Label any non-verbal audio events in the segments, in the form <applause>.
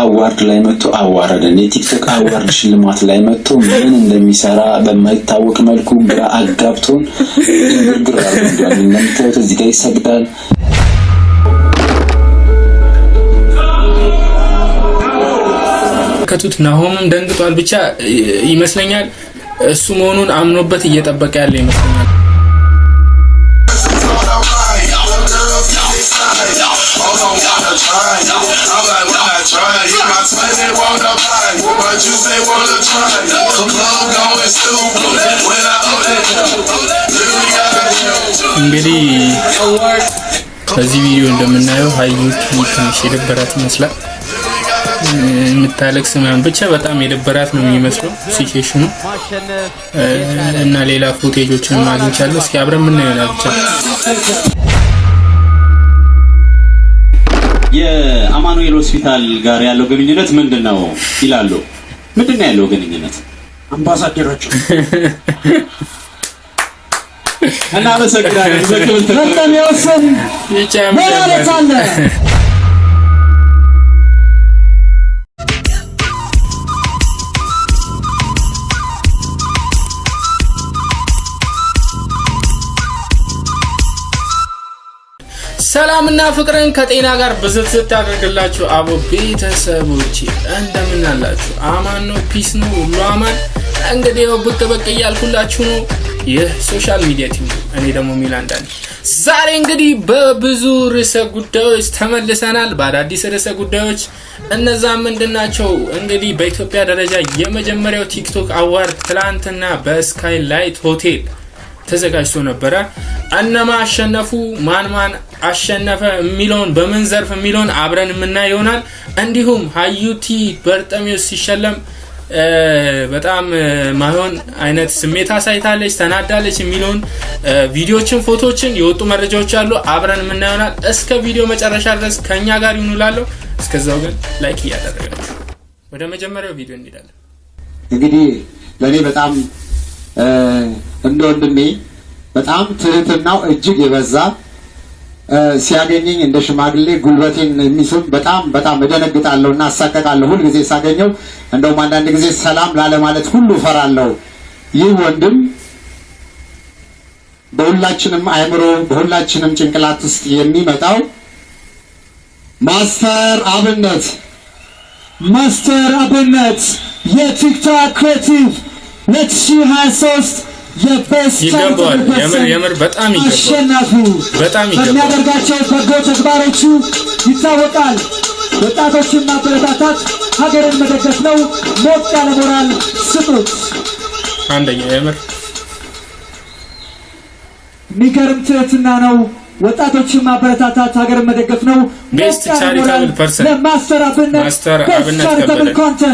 አዋርድ ላይ መጥቶ አዋረደን። የቲክቶክ አዋርድ ሽልማት ላይ መጥቶ ምን እንደሚሰራ በማይታወቅ መልኩ ግራ አጋብቶን ግርግር አድርጓል። እንደምታዩት እዚህ ጋር ይሰግዳል። ከቱት ናሆም ደንግጧል። ብቻ ይመስለኛል እሱ መሆኑን አምኖበት እየጠበቀ ያለ ይመስለኛል። try. You they wanna buy. You wanna try. going stupid. When I እንግዲህ በዚህ ቪዲዮ እንደምናየው ሀዩኪ ትንሽ የደበራት ይመስላል። የምታለቅስ ምናምን ብቻ በጣም የደበራት ነው የሚመስለው ሲቹዌሽኑ እና ሌላ ፉቴጆችን ማግኝቻለሁ። እስኪ አብረን ምናየው ብቻ የአማኑኤል ሆስፒታል ጋር ያለው ግንኙነት ምንድን ነው ይላሉ። ምንድን ነው ያለው ግንኙነት? አምባሳደራቸው እና አመሰግናለሁ። ዘክብልት ሰላምና ፍቅርን ከጤና ጋር ብዝት ስታደርግላችሁ አቦ ቤተሰቦች እንደምናላችሁ፣ አማን ነው፣ ፒስ ነው፣ ሁሉ አማን። እንግዲህ ያው ብቅ ብቅ እያልኩላችሁ ነው። ይህ ሶሻል ሚዲያ ቲም፣ እኔ ደግሞ ሚላን ዛሬ እንግዲህ በብዙ ርዕሰ ጉዳዮች ተመልሰናል፣ በአዳዲስ ርዕሰ ጉዳዮች። እነዛ ምንድናቸው? እንግዲህ በኢትዮጵያ ደረጃ የመጀመሪያው ቲክቶክ አዋርድ ትላንትና በስካይ ላይት ሆቴል ተዘጋጅቶ ነበረ። እነማ አሸነፉ? ማን ማን አሸነፈ የሚለውን በምን ዘርፍ የሚለውን አብረን የምናይ ይሆናል። እንዲሁም ሀዩቲ በርጠሚዮስ ሲሸለም በጣም ማይሆን አይነት ስሜት አሳይታለች፣ ተናዳለች የሚለውን ቪዲዮችን፣ ፎቶችን የወጡ መረጃዎች አሉ። አብረን የምናይ ይሆናል። እስከ ቪዲዮ መጨረሻ ድረስ ከእኛ ጋር ይኑላለሁ። እስከዛው ግን ላይክ እያደረጋችሁ ወደ መጀመሪያው ቪዲዮ እንሄዳለን። እንግዲህ ለእኔ በጣም እንደ ወንድሜ በጣም ትህትናው እጅግ የበዛ ሲያገኘኝ እንደ ሽማግሌ ጉልበቴን የሚስም በጣም በጣም እደነግጣለሁ እና አሳቀቃለሁ። ጊዜ ሳገኘው እንደውም አንዳንድ ጊዜ ሰላም ላለማለት ሁሉ እፈራለሁ። ይህ ወንድም በሁላችንም አእምሮ፣ በሁላችንም ጭንቅላት ውስጥ የሚመጣው ማስተር አብነት ማስተር አብነት የቲክቶክ ክሬቲቭ 2023 ይገባዋል። የምር የምር በጣም ይገባዋል። በጣም በሚያደርጋቸው በጎ ተግባሮቹ ይታወቃል። ወጣቶችን ማበረታታት ሀገርን መደገፍ ነው። ሞት ያለ ሞራል ስጡት። አንደኛ የምር የሚገርም ትህትና ነው። ወጣቶችን ማበረታታት ሀገርን መደገፍ ነው። ቤስት ቻሪታብል ፐርሰን ለማስተር አብነት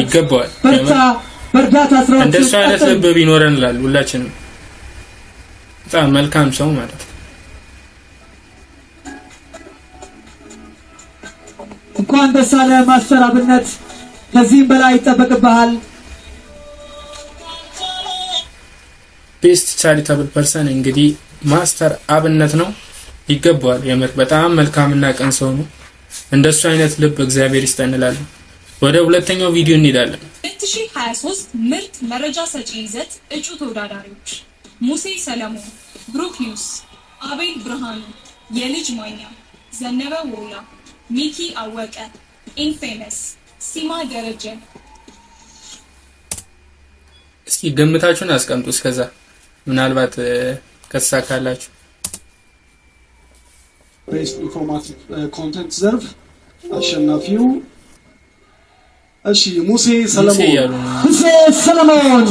ይገባዋል። በርታ በእርዳታ ስራዎች እንደሱ አይነት ልብ ቢኖረን እላሉ ሁላችንም በጣም መልካም ሰው ማለት እንኳን ደስ አለ ማስተር አብነት፣ ከዚህም በላይ ይጠበቅብሃል። ቤስት ቻሪታብል ፐርሰን እንግዲህ ማስተር አብነት ነው፣ ይገባዋል። የምር በጣም መልካምና ቀን ሰው ነው። እንደሱ አይነት ልብ እግዚአብሔር ይስጠን እንላለን። ወደ ሁለተኛው ቪዲዮ እንሄዳለን። 2023 ምርጥ መረጃ ሰጪ ይዘት እጩ ተወዳዳሪዎች ሙሴ ሰለሞን፣ ብሩክ ኒውስ፣ አቤል ብርሃኑ፣ የልጅ ማኛ፣ ዘነበ ወላ፣ ሚኪ አወቀ፣ ኢንፌመስ፣ ሲማ ደረጀ። እስኪ ግምታችሁን አስቀምጡ። እስከዛ ምናልባት ከተሳካላችሁ በኢንፎርማቲቭ ኮንተንት ዘርፍ አሸናፊው እሺ ሙሴ ሰለሞን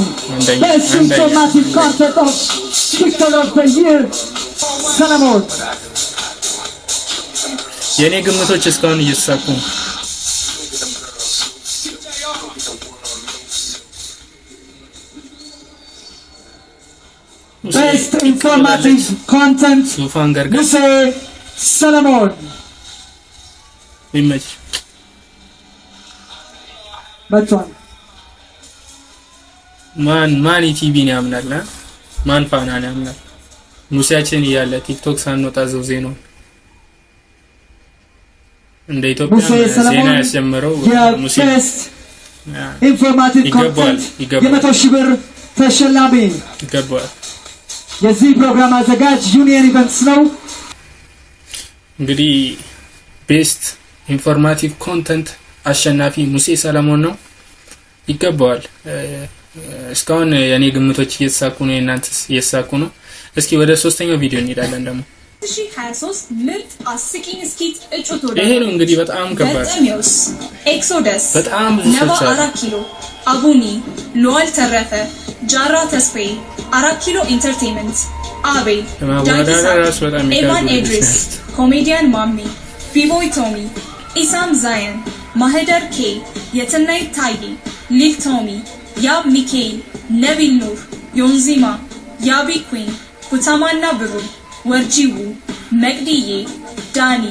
የእኔ ግምቶች እስካሁን እየተሳኩ ነው። ቤስት ኢንፎርማቲቭ ኮንተንት ሙሴ ሰለሞን ይመችሽ። መጥቷል። ማን ማን ኢቲቪን ያምናል? ማን ፋናን ያምናል? ሙሴያችን እያለ ቲክቶክ ሳንወጣ ዘው ዜናው እንደ ኢትዮጵያ ዜና ያስጀመረው ሙሴ ኢንፎርማቲቭ ኮንተንት የመቶ ሺህ ብር ተሸላሚ ይገባዋል። የዚህ ፕሮግራም አዘጋጅ ዩኒየን ኢቨንትስ ነው። እንግዲህ ቤስት ኢንፎርማቲቭ ኮንተንት አሸናፊ ሙሴ ሰለሞን ነው። ይገባዋል። እስካሁን የኔ ግምቶች እየተሳኩ ነው። የእናንተስ እየተሳኩ ነው? እስኪ ወደ ሶስተኛው ቪዲዮ እንሄዳለን ደግሞ ይሄ ነው እንግዲህ በጣም ከባድ ኤክሶደስ፣ በጣም ብዙ ሰዎች አሉ። አራት ኪሎ፣ አቡኒ፣ ሉዋል ተረፈ፣ ጃራ ተስፋዬ፣ አራት ኪሎ አቡኒ ሎል ተረፈ ጃራ ተስፋዬ አራት ኪሎ ኢንተርቴንመንት አቤል ኤቫን ኤድሪስ፣ ኮሜዲያን ማሚ፣ ቢቦይ ቶሚ፣ ኢሳም ዛያን። ማህደር ኬ፣ የትናይ ታዬ፣ ሊል ቶሚ፣ ያብ ሚካኤል፣ ነቢል ኑር፣ ዮንዚማ፣ ያቢ ኩን፣ ኩታማና ብሩ፣ ወርጂቡ፣ ወርጂው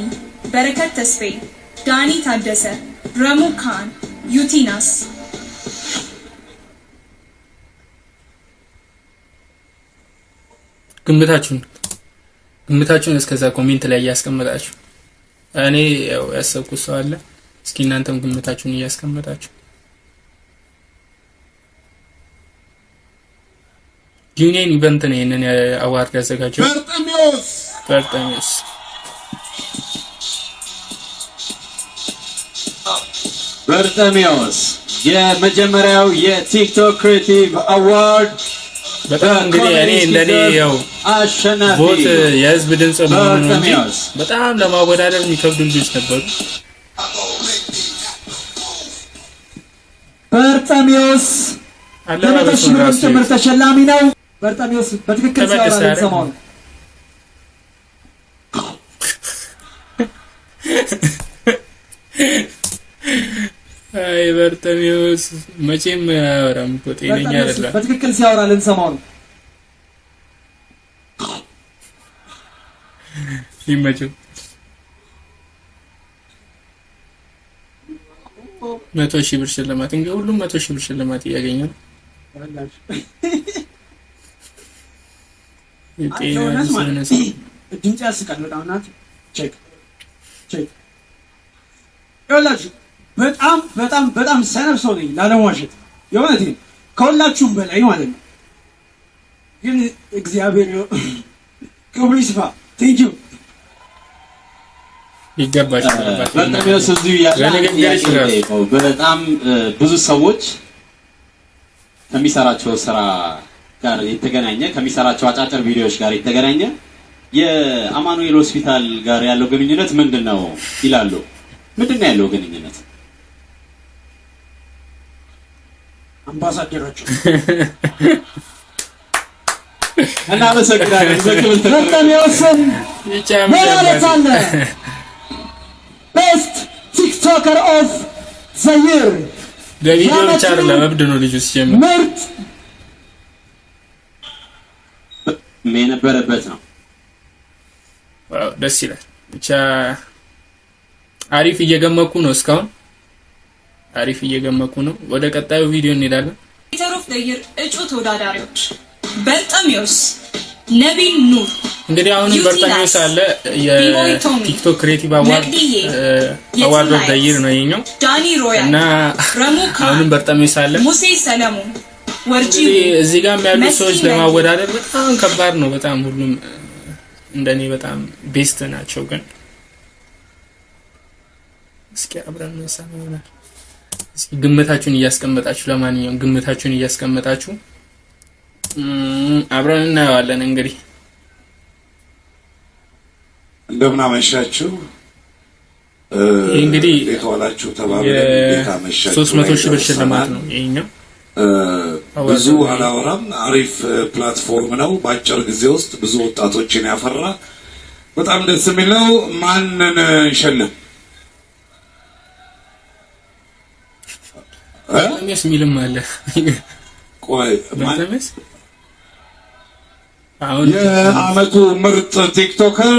በረከት ተስፌ፣ ዳኒ ታደሰ፣ ረሙ ካን፣ ዩቲናስ ግምታችሁን ግምታችሁን እስከዛ ኮሜንት ላይ እያስቀመጣችሁ እኔ ያው ያሰብኩት ሰው አለ እስኪ እናንተም ግምታችሁን እያስቀመጣችሁ ዩኒየን ኢቨንት ነው ይሄንን አዋርድ ያዘጋጀው በርጠሚዮስ በርጠሚዮስ በርጠሚዮስ የመጀመሪያው የቲክቶክ ክሬቲቭ አዋርድ በጣም እንግዲህ እኔ እንደኔ ያው አሸናፊ ቦት የህዝብ ድምጽ ነው በጣም ለማወዳደር የሚከብዱ ልጆች ነበሩ። በርጠሜዎስ ለመቶ ሺህ ብር ጭምር ተሸላሚ ነው። በርጠሜዎስ በትክክል ሲያወራ ልንሰማው ነው። አይ በርጠሜዎስ መቼም አያወራም እኮ ጤነኛ አይደለም። በትክክል ሲያወራ ልንሰማው ነው። ይመችው። መቶ ሺህ ብር ሽልማት እንግዲህ ሁሉም መቶ ሺህ ብር ሽልማት እያገኘ ነው። በጣም በጣም በጣም ሰነፍ ሰው ነኝ የእውነት ከሁላችሁም በላይ ማለት ነው። ግን እግዚአብሔር ክብሩ ይስፋ። ቴንኪው ይገባሻል። በጣም ብዙ ሰዎች ከሚሰራቸው ስራ ጋር የተገናኘ ከሚሰራቸው አጫጭር ቪዲዮዎች ጋር የተገናኘ የአማኑኤል ሆስፒታል ጋር ያለው ግንኙነት ምንድን ነው ይላሉ። ምንድን ነው ያለው ግንኙነት? አምባሳደራቸው እናመሰግናለን። ዘክብልት ምን አለ ቤስት ቲክቶከር ኦፍ ዘ ይር ለቪዲዮ ብቻ አይደለም፣ እብድ ነው ልጁ ሲጀምር። ምርጥ የነበረበት ነው። ደስ ይላል። ብቻ አሪፍ እየገመኩ ነው እስካሁን አሪፍ እየገመኩ ነው። ወደ ቀጣዩ ቪዲዮ እንሄዳለን። ኦፍ ዘ ይር እጩ ተወዳዳሪዎች በልጠሚዮስ፣ ነቢል ኑር እንግዲህ አሁንም በርታኞች ሳለ የቲክቶክ ክሬቲቭ አዋርድ አዋርድ ኦፍ ዘ ይር ነው ሮያል እና አሁንም በርታኞች ሳለ ሙሴ ሰለሞን ወርጂ እዚህ ጋር የሚያሉት ሰዎች ለማወዳደር በጣም ከባድ ነው። በጣም ሁሉም እንደኔ በጣም ቤስት ናቸው። ግን እስኪ አብረን እንሰማ ይሆናል። እስኪ ግምታችሁን እያስቀመጣችሁ ለማንኛውም ግምታችሁን እያስቀመጣችሁ አብረን እናየዋለን እንግዲህ እንደምን አመሻችሁ። እንግዲህ የተዋላችሁ ሶስት መቶ ሺህ ብር ሽልማት ነው ይሄኛው። ብዙ አላወራም። አሪፍ ፕላትፎርም ነው። በአጭር ጊዜ ውስጥ ብዙ ወጣቶችን ያፈራ በጣም ደስ የሚለው ማንን እንሸልም በጣምስ የሚልም አለ። የአመቱ ምርጥ ቲክቶከር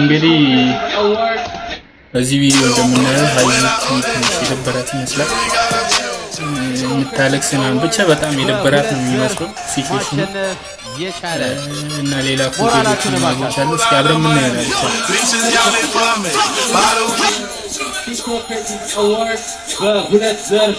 እንግዲህ በዚህ ቪዲዮ እንደምናየው ሀይሚቱ ትንሽ የደበራት ይመስላል። የምታለቅስ ምናምን ብቻ በጣም የደበራት ነው የሚመስለው ሲቹዌሽኑ እና ሌላ ፎቶዎች እስኪ አብረን ምናያለን በሁለት ዘርፍ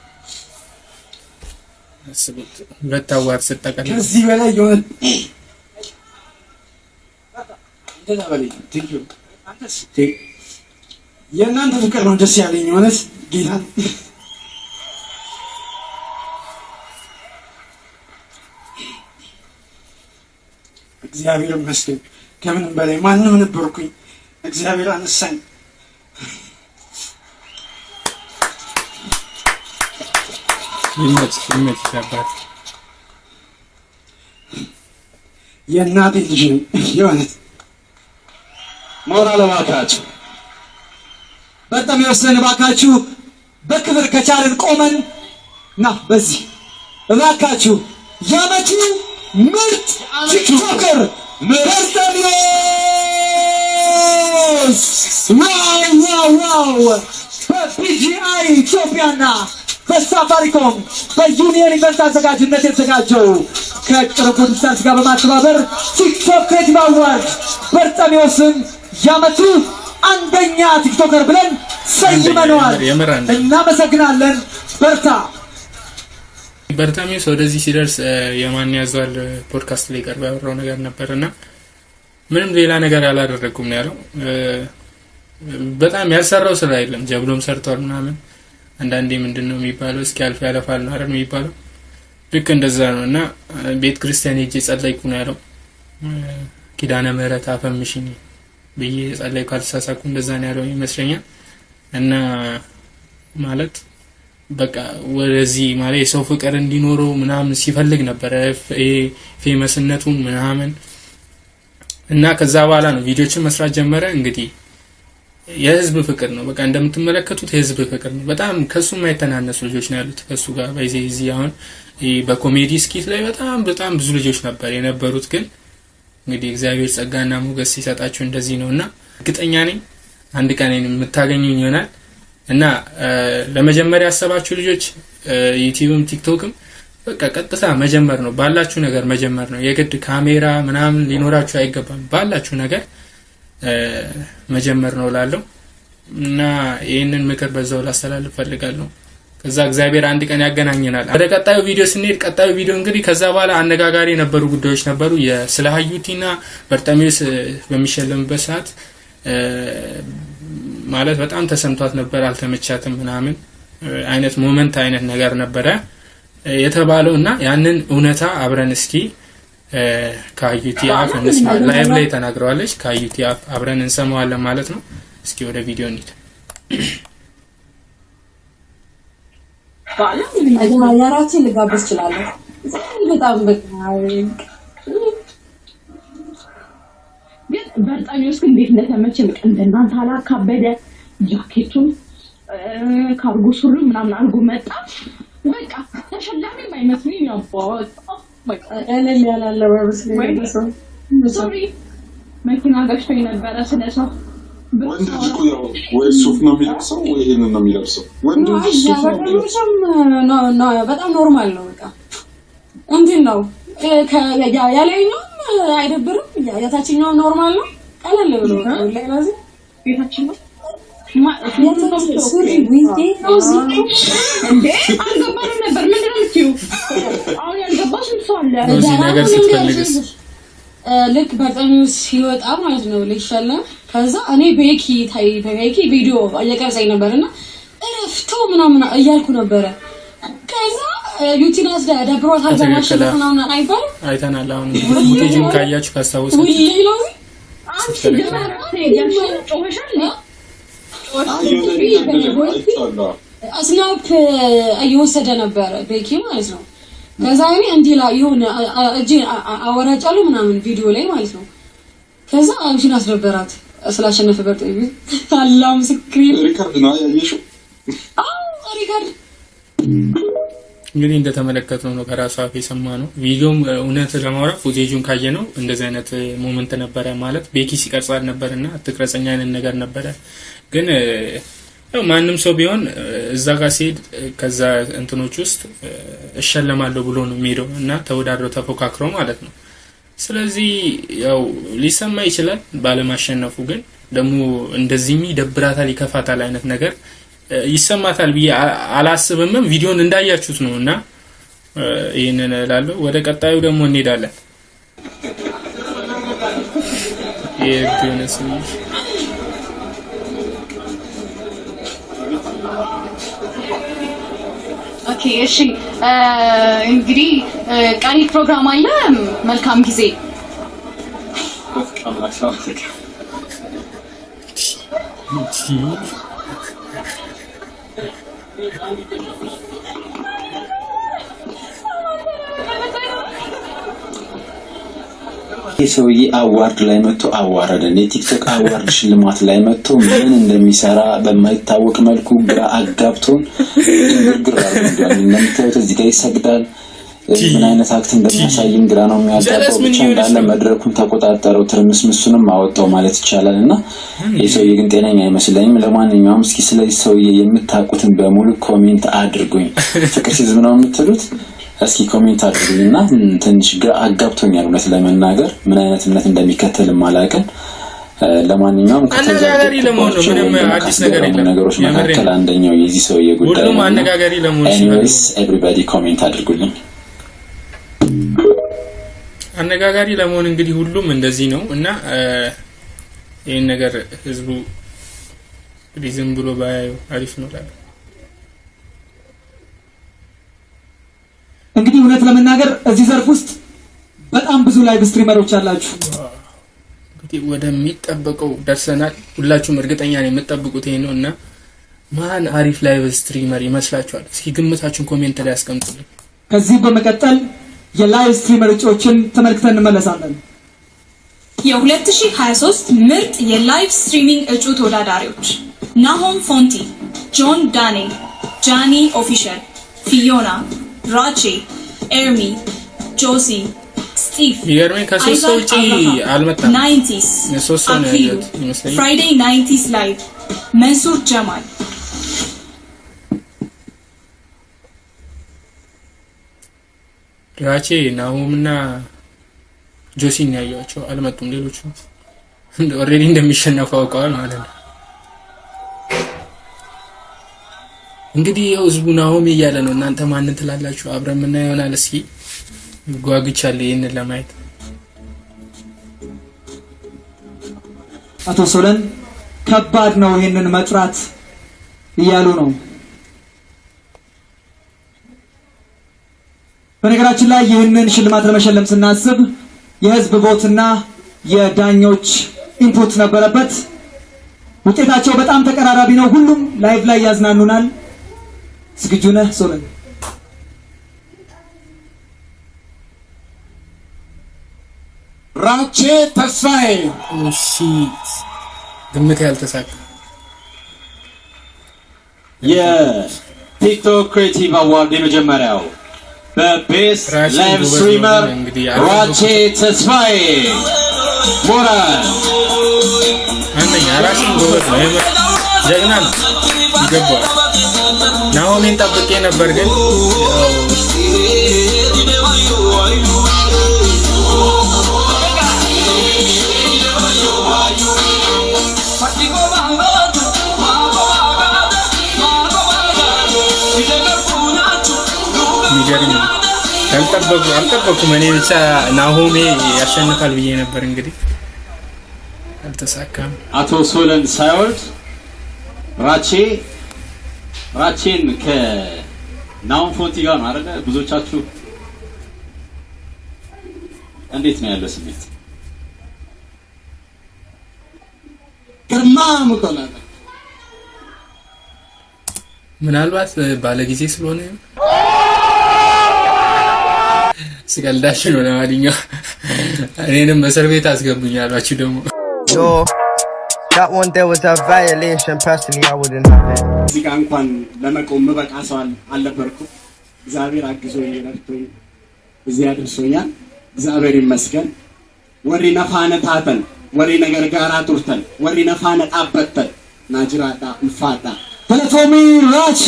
አስቡት። ሁለት አዋር ስጠቀል ከዚህ በላይ የሆነ የእናንተ ፍቅር ነው ደስ ያለኝ የሆነት ጌታ እግዚአብሔር ይመስገን። ከምንም በላይ ማንም ነበርኩኝ፣ እግዚአብሔር አነሳኝ። 20 metre yapar. የእናቴ ልጅ የሆነት መሆን አለባካችሁ በጣም የወሰን እባካችሁ፣ በክብር ከቻልን ቆመን ና በዚህ እባካችሁ የአመቱ ምርጥ ቲክቶከር በርተሚዮስ ዋው ዋው ዋው በፒጂአይ ኢትዮጵያና በሳፋሪኮም በዩኒየን ኢንቨስት አዘጋጅነት የተዘጋጀው ከቅርቡ ዲስታንስ ጋር በማተባበር ቲክቶክ ክሬቲቭ አዋርድ በርጠሜዎስን ያመቱ አንደኛ ቲክቶከር ብለን ሰይመነዋል። እናመሰግናለን። በርታ በርታሚስ ወደዚህ ሲደርስ የማን ያዘዋል ፖድካስት ላይ ቀርበ ያወራው ነገር ነበር እና ምንም ሌላ ነገር አላደረግኩም ነው ያለው። በጣም ያልሰራው ስራ የለም። ጀብሎም ሰርቷል ምናምን አንዳንዴ ምንድን ነው የሚባለው እስኪ አልፍ ያለፋል ነው የሚባለው ልክ እንደዛ ነው እና ቤተ ክርስቲያን ሄጄ ጸለይኩ ነው ያለው ኪዳነ ምህረት አፈምሽኝ ብዬ ጸለይ ካልተሳሳኩ እንደዛ ነው ያለው ይመስለኛል እና ማለት በቃ ወደዚህ ማለት የሰው ፍቅር እንዲኖረው ምናምን ሲፈልግ ነበረ ፌመስነቱን ምናምን እና ከዛ በኋላ ነው ቪዲዮችን መስራት ጀመረ እንግዲህ የህዝብ ፍቅር ነው። በቃ እንደምትመለከቱት የህዝብ ፍቅር ነው። በጣም ከሱ የማይተናነሱ ልጆች ነው ያሉት ከሱ ጋር በዚህ ዚ አሁን በኮሜዲ ስኪት ላይ በጣም በጣም ብዙ ልጆች ነበር የነበሩት። ግን እንግዲህ እግዚአብሔር ጸጋና ሞገስ ሲሰጣችሁ እንደዚህ ነው እና እርግጠኛ ነኝ አንድ ቀን የምታገኙኝ ይሆናል እና ለመጀመሪያ ያሰባችሁ ልጆች ዩቲዩብም ቲክቶክም በቃ ቀጥታ መጀመር ነው። ባላችሁ ነገር መጀመር ነው። የግድ ካሜራ ምናምን ሊኖራችሁ አይገባም። ባላችሁ ነገር መጀመር ነው ላለው እና ይህንን ምክር በዛው ላስተላልፍ ፈልጋለሁ። ከዛ እግዚአብሔር አንድ ቀን ያገናኘናል። ወደ ቀጣዩ ቪዲዮ ስንሄድ ቀጣዩ ቪዲዮ እንግዲህ ከዛ በኋላ አነጋጋሪ የነበሩ ጉዳዮች ነበሩ። ስለ ሀዩቲና በርጠሚዎስ በሚሸለምበት ሰዓት ማለት በጣም ተሰምቷት ነበር፣ አልተመቻትም ምናምን አይነት ሞመንት አይነት ነገር ነበረ የተባለው እና ያንን እውነታ አብረን እስኪ ከአዩቲ አፍ እንስማ። ላይቭ ላይ ተናግረዋለች። ከአዩቲ አፍ አብረን እንሰማዋለን ማለት ነው። እስኪ ወደ ቪዲዮ እንሂድ። አየራችን ልጋብዝ እችላለሁ። በጣም ግን በርጣኒ ውስጥ እንዴት እንደተመቸ ልቅ እንደናንተ አላካበደ ጃኬቱን ካርጎ ሱሪ ምናምን አድርጎ መጣ። በቃ ተሸላሚ ባይመስልኝ ያባወጣ ቀለል ያለ አለባበስ የለበሰው መኪና ገሽቶ የነበረ ስለሰው ወንድ ልጅ እኮ ያው ወይ ሱፍ ነው የሚለብሰው ወይ ይሄንን ነው የሚለብሰው። ወንድ በጣም ኖርማል ነው። በቃ እንትን ነው ያላይኛውም አይደብርም፣ የታችኛውም ኖርማል ነው። ቀለል ብሎ ለዚህ ቤታችኛው ነው ነበር ነገር ስትፈልግስ ልክ በጠሚስ ሲወጣ ማለት ነው ልሻለ ከዛ እኔ ቤኪ ታይ በቤኪ ቪዲዮ እየቀረጸኝ ነበር እና እረፍቶ ምናምን እያልኩ ነበረ። ከዛ ዩቲናስ ደብሮታል በማሽን ምናምን አይባል አይተናል። አሁን ሙቴጅም ካያችሁ ካስታወስ ነው ስናፕ እየወሰደ ነበረ ቤኪ ማለት ነው። ከዛ እኔ እንዲህ ላይ የሆነ እጄ አወራጫለሁ ምናምን ቪዲዮ ላይ ማለት ነው። ከዛ አብሽን አስደበራት ስላሸነፈ በርጥ ይብ ታላ <laughs> ምስክሬን ሪካርድ ነው ያየሽው? አዎ ሪካርድ እንግዲህ እንደተመለከትነው ነው ከራሷ አፍ ነው ቪዲዮም እውነት ለማውራት ፉቴጁን ካየ ነው እንደዚህ አይነት ሞመንት ነበረ ማለት ቤኪ ሲቀርጻል ነበርና አትቅረጸኛ አይነት ነገር ነበረ ግን ያው ማንም ሰው ቢሆን እዛ ጋር ሲሄድ ከዛ እንትኖች ውስጥ እሸለማለሁ ብሎ ነው የሚሄደው እና ተወዳድሮ ተፎካክሮ ማለት ነው። ስለዚህ ያው ሊሰማ ይችላል ባለማሸነፉ፣ ግን ደግሞ እንደዚህም ይደብራታል፣ ይከፋታል አይነት ነገር ይሰማታል ብዬ አላስብምም። ቪዲዮን እንዳያችሁት ነው እና ይህንን እላለሁ። ወደ ቀጣዩ ደግሞ እንሄዳለን። ኦኬ፣ እሺ። እንግዲህ ቀሪ ፕሮግራም አለ። መልካም ጊዜ። ይህ ሰውዬ አዋርድ ላይ መጥቶ አዋረደን። የቲክቶክ አዋርድ ሽልማት ላይ መጥቶ ምን እንደሚሰራ በማይታወቅ መልኩ ግራ አጋብቶን ግርግር አድርጓል። እንደምታዩት እዚህ ጋር ይሰግዳል። ምን አይነት አክት እንደሚያሳይም ግራ ነው የሚያጋባው። ብቻ እንዳለ መድረኩን ተቆጣጠረው፣ ትርምስምሱንም አወጣው ማለት ይቻላል። እና ሰውዬ ግን ጤነኛ አይመስለኝም። ለማንኛውም እስኪ ስለዚህ ሰውዬ የምታውቁትን በሙሉ ኮሜንት አድርጉኝ። ፍቅር ሲዝም ነው የምትሉት እስኪ ኮሜንት አድርጉኝና ትንሽ አጋብቶኛል። እውነት ለመናገር ምን አይነት እምነት እንደሚከተል አላውቅም። ለማንኛውም ከተዘጋጀባቸው ነገሮች መካከል አንደኛው የዚህ ሰውዬ ጉዳይ ነው። ኤኒዌይስ ኤቭሪባዲ ኮሜንት አድርጉልኝ። አነጋጋሪ ለመሆን እንግዲህ ሁሉም እንደዚህ ነው እና ይህን ነገር ህዝቡ እንግዲህ ዝም ብሎ ባያዩ አሪፍ ነው እላለሁ። እንግዲህ እውነት ለመናገር እዚህ ዘርፍ ውስጥ በጣም ብዙ ላይቭ ስትሪመሮች አላችሁ። እንግዲህ ወደሚጠበቀው ደርሰናል። ሁላችሁም እርግጠኛ ነው የምጠብቁት ይሄ ነው እና ማን አሪፍ ላይቭ ስትሪመር ይመስላችኋል? እስኪ ግምታችሁን ኮሜንት ላይ አስቀምጡልኝ። ከዚህ በመቀጠል የላይቭ ስትሪመር እጩዎችን ተመልክተን እንመለሳለን። የ2023 ምርጥ የላይቭ ስትሪሚንግ እጩ ተወዳዳሪዎች ናሆም ፎንቲ፣ ጆን ዳኔ፣ ጃኒ ኦፊሻል፣ ፊዮና ራቼ ኤርሚ ጆሲ ስቲቭ ይገርመኝ ከሶስት ሰው ውጪ አልመጣም። ፍራይዴይ ናይንቲስ ላይቭ መንሱር ጀማል ራቼ ናሆም እና ጆሲ ነው አልመጡም። ሌሎቹ ኦልሬዲ እንደሚሸነፉ አውቀዋል ማለት ነው። እንግዲህ ያው ህዝቡ ናሆም እያለ ነው። እናንተ ማንን ትላላችሁ? አብረን የምናየው ይሆናል። እስኪ ጓጉቻለሁ ይህንን ለማየት። አቶ ሶለን ከባድ ነው ይህንን መጥራት እያሉ ነው። በነገራችን ላይ ይህንን ሽልማት ለመሸለም ስናስብ የህዝብ ቦትና የዳኞች ኢንፑት ነበረበት። ውጤታቸው በጣም ተቀራራቢ ነው። ሁሉም ላይቭ ላይ ያዝናኑናል። ዝግጁ ነህ ሶለን? ራቼ ተስፋዬ ግምት ያልተሳካ የቲክቶክ ክሬቲቭ አዋርድ የመጀመሪያው በቤስት ላይቭ ስትሪመር ራቼ ተስፋዬ ሞራል አንደኛ ራሴ ጎበዝ ነው፣ ጀግና ናሆሚን ጠብቄ ነበር ግን አልጠበኩም እኔ ብቻ ናሆሜ ያሸንፋል ብዬ ነበር እንግዲህ አልተሳካም። አቶ ሶለን ሳይወርድ ራቼ ራቼን ከናውን ፎንቲ ጋር ነው አይደለ? ብዙዎቻችሁ እንዴት ነው ያለ ስሜት? ግርማ ሙቶና ምናልባት ባለጊዜ ስለሆነ ስቀልዳችሁ ነው። ለማንኛውም እኔንም እስር ቤት አስገቡኝ አሏችሁ ደግሞ That one there was a violation. Personally, I wouldn't have it. እዚህ ጋር እንኳን ለመቆም በቃ ሰው አልነበርኩም። እግዚአብሔር አግዞኝ ረድቶኝ እዚህ አድርሶኛል። እግዚአብሔር ይመስገን። ወሪ ነፋነ ታተን ወሪ ነገር ጋራ ቱርተን ወሪ ነፋነ ጣበተን ናጅራዳ እንፋዳ ተለቶሚ ራቼ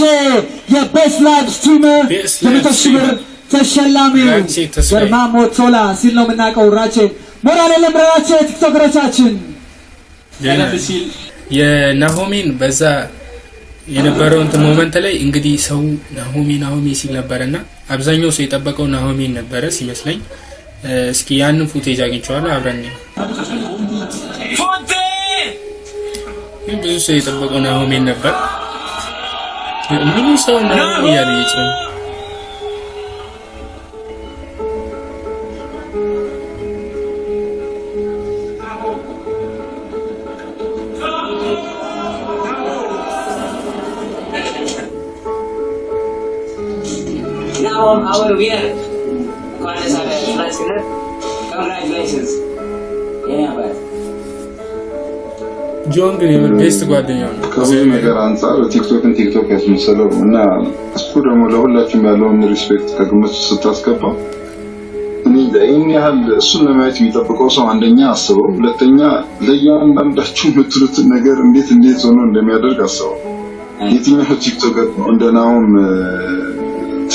የቤስት ላይፍ ስትሪመር የመቶ ሺህ ብር ተሸላሚ ግርማ ሞቶላ ሲል ነው የምናውቀው። ራቼ ሞራል የለም ራቼ ቲክቶከሮቻችን ያለፍ የናሆሜን በዛ የነበረው እንትን ሞመንት ላይ እንግዲህ ሰው ናሆሜ ናሆሜ ሲል ነበረ እና አብዛኛው ሰው የጠበቀው ናሆሜን ነበረ ሲመስለኝ። እስኪ ያንን ፉቴጅ አግኝቼዋለሁ አብረን ብዙ ሰው የጠበቀው ናሆሜን ነበር። ሙሉ ሰው ነው እያለ our winner ዮሐንስ አለ ፍላጭ ነት ኮንግራጁሌሽንስ የኔ አባት ጆን ግን ቤስት ጓደኛው ነው። ከብዙ ነገር አንጻር ቲክቶክን ቲክቶክ ያስመሰለው እና እሱ ደግሞ ለሁላችሁም ያለውን ሪስፔክት ከግምት ስታስገባ ይህን ያህል እሱን ለማየት የሚጠብቀው ሰው አንደኛ አስበው፣ ሁለተኛ ለእያንዳንዳችሁ የምትሉትን ነገር እንዴት እንዴት ሆኖ እንደሚያደርግ አስበው። የትኛው ቲክቶክ እንደ ናሁም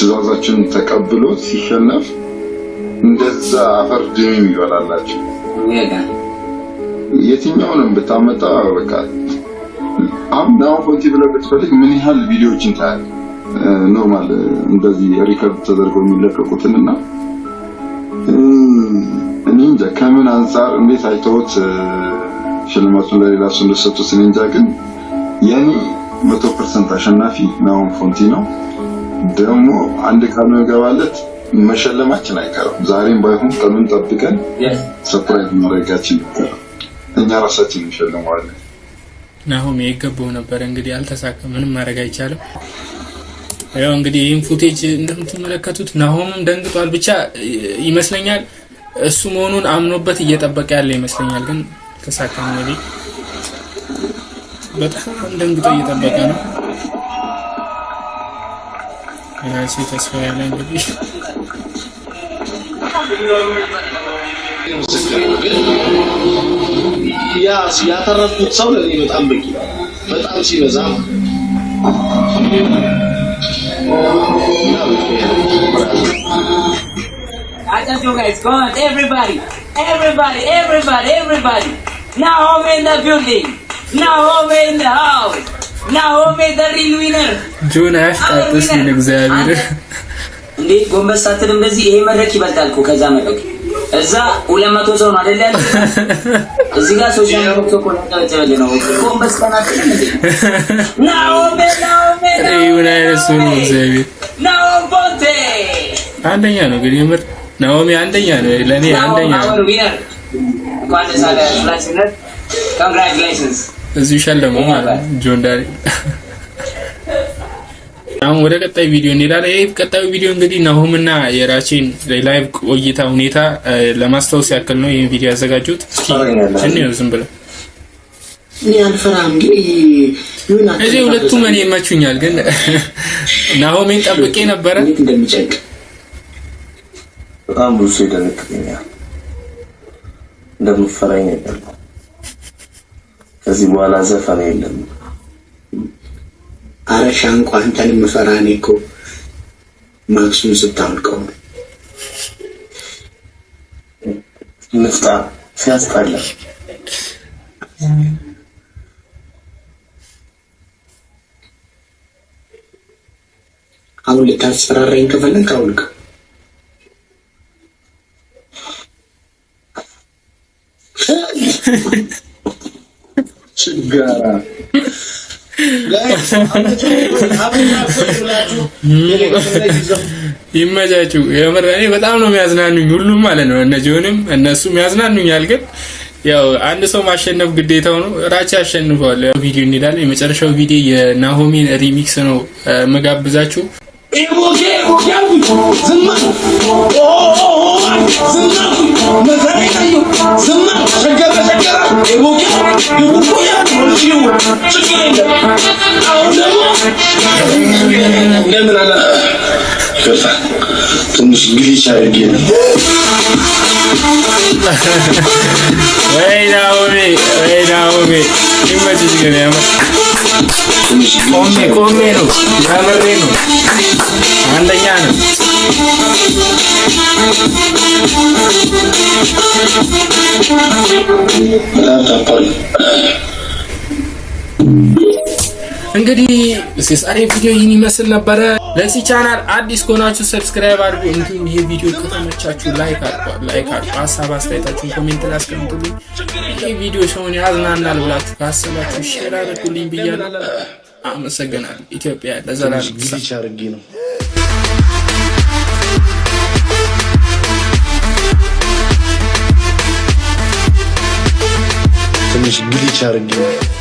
ትእዛዛችንን ተቀብሎ ሲሸነፍ እንደዛ አፈር ድሜም ይበላላቸው። የትኛውንም ብታመጣ በቃ አሁን ፎንቲ ብለህ ብትፈልግ ምን ያህል ቪዲዮዎችን ታያል። ኖርማል እንደዚህ ሪከርድ ተደርገው የሚለቀቁትንና እኔ እንጃ ከምን አንጻር እንዴት አይተውት ሽልማቱን ለሌላ ሰው እንደሰጡት እኔ እንጃ። ግን የኔ መቶ ፐርሰንት አሸናፊ ናሆም ፎንቲ ነው። ደግሞ አንድ ቀኑ ይገባለች መሸለማችን አይቀርም። ዛሬም ባይሆን ቀኑን ጠብቀን ሰፕራይዝ ማድረጋችን እኛ ራሳችን እንሸልመዋለን። ናሆም የገበው ነበር እንግዲህ አልተሳካ፣ ምንም ማድረግ አይቻልም። ያው እንግዲህ ይህን ፉቴጅ እንደምትመለከቱት ናሆምም ደንግጧል። ብቻ ይመስለኛል እሱ መሆኑን አምኖበት እየጠበቀ ያለ ይመስለኛል። ግን ተሳካ፣ በጣም ደንግጦ እየጠበቀ ነው። i şey test falan gibi. ያ ያተረፍኩት ሰው ለእኔ በጣም በቂ በጣም ሲበዛ I on, everybody, everybody, everybody, everybody. Now home in the building, now home in the house. ናሆሜ ዘሪል ዊነር ጆን አያሽጣጥስ ምን እግዚአብሔር እንዴት ጎንበስ ሳትል እንደዚህ። ይሄ መድረክ ይበልጣል እኮ ከዛ መድረክ እዛ ሁለት መቶ ሰው ነው አይደል ያለው። እዚህ ጋር ሶሻል ኔትወርክ እኮ ነው ተጨበለ ነው ጎንበስ ካናት ናሆሜ ናሆሜ ናሆሜ ናሆሜ አንደኛ ነው ግን የምር ናሆሜ አንደኛ ነው ለኔ አንደኛ ነው እንኳን ደስ አለ ፍላሽነት ኮንግራቹሌሽንስ እዚሁ ሸለመው ማለት ጆን ዳሪ። አሁን ወደ ቀጣይ ቪዲዮ እንሄዳለን። ይህ ቀጣዩ ቪዲዮ እንግዲህ ናሆምና የራቼን ላይቭ ቆይታ ሁኔታ ለማስታወስ ያክል ነው ይህን ቪዲዮ ያዘጋጁት። እንየው ዝም ብለን እዚህ ሁለቱም እኔ ይመቹኛል፣ ግን <laughs> ናሆሜን ጠብቄ ነበረ። በጣም ብዙ ሰው ይደነቅብኛል እንደምፈራኝ ነገር ከዚህ በኋላ ዘፈን የለም። አረ ሻንቆ አንተን የምፈራ እኔ እኮ ማክሱን ስታውልቀው ነው። ንፍጣ ሲያስጠላ አሁን ልታስፈራራኝ ከፈለግ አውልቅ። <laughs> ይመቻችሁ። የምር እኔ በጣም ነው የሚያዝናኑኝ ሁሉም ማለት ነው። እነ ጆንም እነሱም ግን ያው አንድ ሰው ማሸነፍ ግዴታው ነው። ራቻ ያሸንፈዋል። ቪዲዮ እንሄዳለን። የመጨረሻው ቪዲዮ የናሆሚን ሪሚክስ ነው መጋብዛችሁ Evoke kokyawui zima ohohoho zinawui mazanekayo zima shagara shagara evoke yokukoya olchiwo chigenda audemo neminana kasa ትንሽ ግሊች አድርጌ ነው Hey Naomi, hey Naomi, che immagini che ne ama? Come, come no, brava meno, andagliano. Laptop. እንግዲህ ዛሬ ቪዲዮ ይህን ይመስል ነበረ። ለዚህ ቻናል አዲስ ከሆናችሁ ሰብስክራይብ አድርጉ። እንዲሁም ይህ ቪዲዮ ከተመቻችሁ ላይክ ላይክ አድርጉ። ሀሳብ አስተያየታችሁን ኮሜንት ላይ አስቀምጡልኝ። ይህ ቪዲዮ ሰውን ያዝናናል ብላችሁ ካሰባችሁ ሼር አድርጉልኝ ብያለሁ። አመሰግናለሁ። ኢትዮጵያ ለዘላለም ጊዜ ነው። ትንሽ ግሊች አድርጌ